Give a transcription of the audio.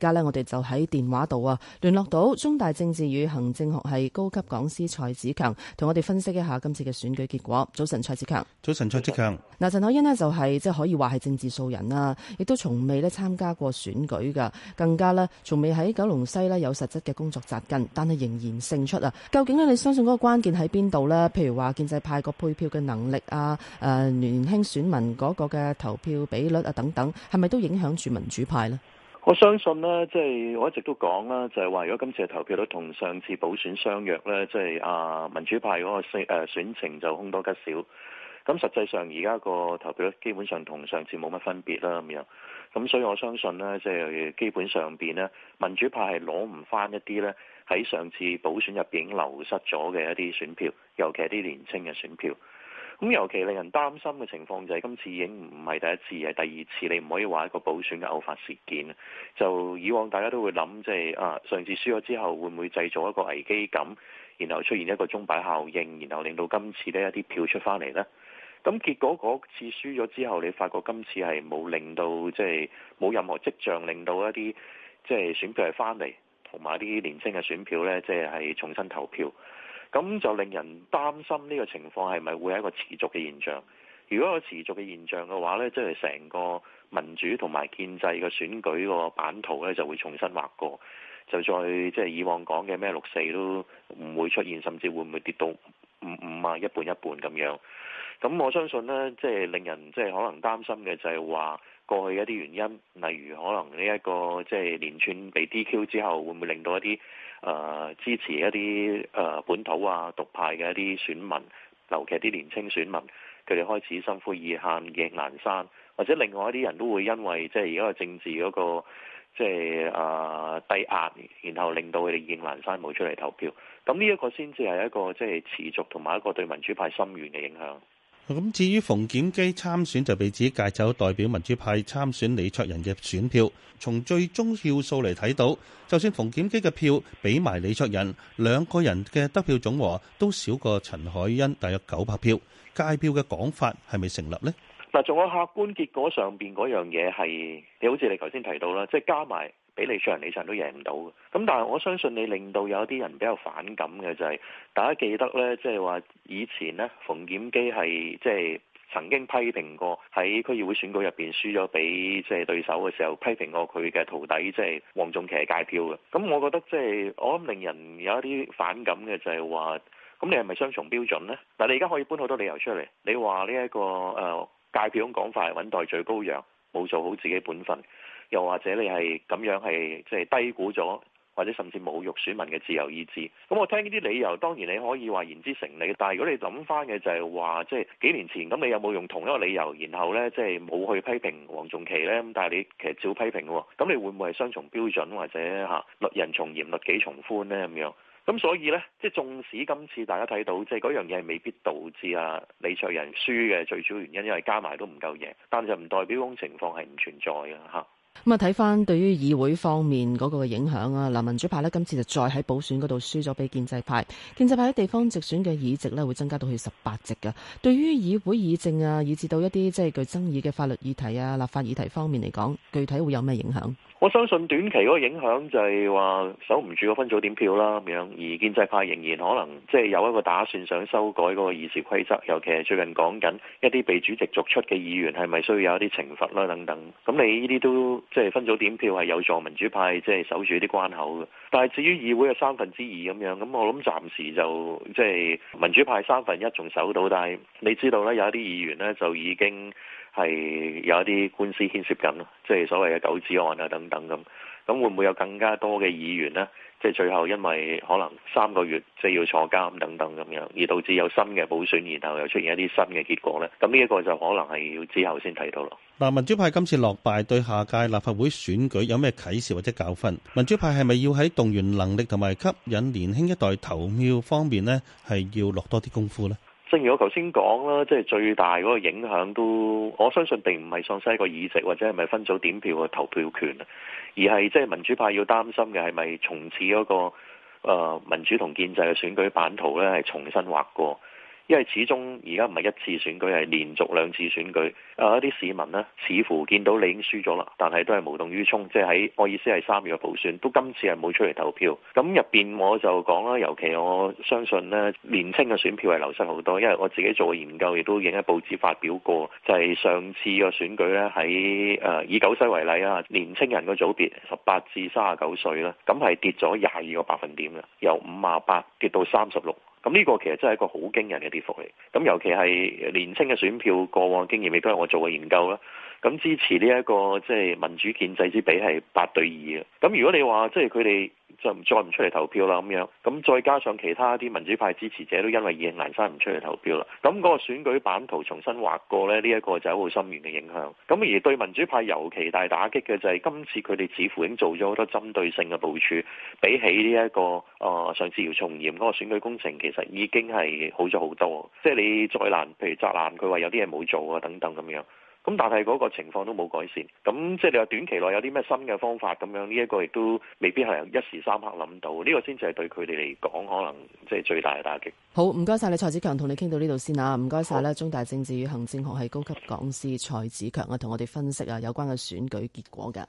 而家呢，我哋就喺電話度啊，聯絡到中大政治與行政學系高級講師蔡子強，同我哋分析一下今次嘅選舉結果。早晨，蔡子強。早晨，蔡子強。嗱，就是，陳凱欣呢，就係即係可以話係政治素人啦，亦都從未呢參加過選舉噶，更加呢，從未喺九龍西呢有實質嘅工作紮根，但係仍然勝出啊！究竟呢，你相信嗰個關鍵喺邊度呢？譬如話建制派個配票嘅能力啊，誒，年輕選民嗰個嘅投票比率啊等等，係咪都影響住民主派呢？我相信呢，即係我一直都講啦，就係話如果今次嘅投票率同上次補選相若呢，即係啊民主派嗰個選誒選情就凶多吉少。咁實際上而家個投票率基本上同上次冇乜分別啦咁樣，咁所以我相信呢，即係基本上邊呢民主派係攞唔翻一啲呢，喺上次補選入邊流失咗嘅一啲選票，尤其係啲年青嘅選票。咁、嗯、尤其令人擔心嘅情況就係今次已經唔係第一次，係第二次，你唔可以話一個補選嘅偶發事件。就以往大家都會諗、即係，即係啊上次輸咗之後，會唔會製造一個危機感，然後出現一個鐘擺效應，然後令到今次呢一啲票出翻嚟呢？咁結果嗰次輸咗之後，你發覺今次係冇令到即係冇任何跡象令到一啲即係選票係翻嚟，同埋啲年輕嘅選票呢，即、就、係、係、重新投票。咁就令人擔心呢個情況係咪會係一個持續嘅現象？如果有持續嘅現象嘅話，呢即係成個民主同埋建制嘅選舉個版圖呢就會重新劃過，就再即係以往講嘅咩六四都唔會出現，甚至會唔會跌到，五五啊，一半一半咁樣。咁我相信呢，即、就、係、是、令人即係可能擔心嘅就係話，過去一啲原因，例如可能呢、這、一個即係、就是、連串被 DQ 之後，會唔會令到一啲誒、呃、支持一啲誒、呃、本土啊獨派嘅一啲選民，尤其係啲年青選民，佢哋開始心灰意冷嘅難山，或者另外一啲人都會因為即係而家嘅政治嗰、那個。即係啊，低壓，然後令到佢哋應難山冇出嚟投票，咁、這、呢、個、一個先至係一個即係持續同埋一個對民主派心淡嘅影響。咁至於馮檢基參選就被指界走代表民主派參選李卓人嘅選票，從最終票數嚟睇到，就算馮檢基嘅票俾埋李卓人，兩個人嘅得票總和都少過陳凱欣大約九百票，界票嘅講法係咪成立呢？嗱，從個客觀結果上邊嗰樣嘢係，你好似你頭先提到啦，即係加埋俾李卓人李翔都贏唔到嘅。咁但係我相信你令到有啲人比較反感嘅就係、是，大家記得呢，即係話以前呢，馮檢基係即係曾經批評過喺區議會選舉入邊輸咗俾即係對手嘅時候，批評過佢嘅徒弟即係黃仲琪係鎅票嘅。咁我覺得即、就、係、是、我諗令人有一啲反感嘅就係話，咁你係咪雙重標準呢？但係，你而家可以搬好多理由出嚟，你話呢一個誒？呃界別用講法揾代罪羔羊，冇做好自己本分，又或者你係咁樣係即係低估咗，或者甚至侮辱選民嘅自由意志。咁我聽呢啲理由，當然你可以話言之成理，但係如果你諗翻嘅就係話，即係幾年前咁，你有冇用同一個理由，然後呢，即係冇去批評黃仲琪呢？咁但係你其實照批評嘅，咁你會唔會係雙重標準或者嚇律人從嚴律己從寬呢？咁樣？咁所以呢，即係縱使今次大家睇到，即係嗰樣嘢係未必導致啊李卓人輸嘅，最主要原因因為加埋都唔夠贏，但係就唔代表種情況係唔存在嘅吓。咁啊，睇翻，對於議會方面嗰個影響啊，嗱，民主派呢，今次就再喺補選嗰度輸咗俾建制派，建制派喺地方直選嘅議席呢，會增加到去十八席噶。對於議會議政啊，以至到一啲即係具爭議嘅法律議題啊、立法議題方面嚟講，具體會有咩影響？我相信短期嗰個影響就係話守唔住個分組點票啦，咁樣而建制派仍然可能即係有一個打算想修改嗰個議事規則，尤其係最近講緊一啲被主席逐出嘅議員係咪需要有一啲懲罰啦等等。咁你呢啲都。即係分組點票係有助民主派即係守住啲關口嘅，但係至於議會嘅三分之二咁樣，咁我諗暫時就即係、就是、民主派三分一仲守到，但係你知道咧有一啲議員咧就已經係有一啲官司牽涉緊咯，即、就、係、是、所謂嘅九子案啊等等咁，咁會唔會有更加多嘅議員咧？即係最後，因為可能三個月即係要坐監等等咁樣，而導致有新嘅補選，然後又出現一啲新嘅結果咧。咁呢一個就可能係要之後先睇到咯。嗱，民主派今次落敗，對下屆立法會選舉有咩啟示或者教訓？民主派係咪要喺動員能力同埋吸引年輕一代投票方面呢？係要落多啲功夫呢？正如我頭先講啦，即係最大嗰個影響都，我相信並唔係喪失一個議席或者係咪分組點票嘅投票權啊，而係即係民主派要擔心嘅係咪從此嗰個誒、民主同建制嘅選舉版圖咧係重新劃過？因為始終而家唔係一次選舉，係連續兩次選舉。啊，一啲市民呢，似乎見到你已經輸咗啦，但係都係無動於衷。即係喺我意思係三月嘅補選，都今次係冇出嚟投票。咁入邊我就講啦，尤其我相信呢年青嘅選票係流失好多。因為我自己做嘅研究，亦都影喺報紙發表過，就係、是、上次嘅選舉呢，喺誒、呃、以九西為例啊，年青人個組別十八至三十九歲啦，咁係跌咗廿二個百分點嘅，由五十八跌到三十六。咁呢個其實真係一個好驚人嘅跌幅嚟，咁尤其係年輕嘅選票過往經驗，亦都係我做嘅研究啦。咁支持呢一個即係民主建制之比係八對二嘅，咁如果你話即係佢哋，就唔再唔出嚟投票啦，咁樣，咁再加上其他啲民主派支持者都因為意興闌珊唔出嚟投票啦，咁嗰個選舉版圖重新劃過咧，呢、這、一個就係一個好深遠嘅影響。咁而對民主派尤其大打擊嘅就係、是、今次佢哋似乎已經做咗好多針對性嘅部署，比起呢、這、一個誒、呃、上次要重演嗰、那個選舉工程，其實已經係好咗好多。即係你再難，譬如宅男，佢話有啲嘢冇做啊等等咁樣。咁但係嗰個情況都冇改善，咁即係你話短期內有啲咩新嘅方法咁樣？呢一個亦都未必係一時三刻諗到，呢個先至係對佢哋嚟講可能即係最大嘅打擊。好，唔該晒，你蔡子強，同你傾到呢度先啊！唔該晒，咧好，中大政治與行政學系高級講師蔡子強啊，同我哋分析啊有關嘅選舉結果嘅。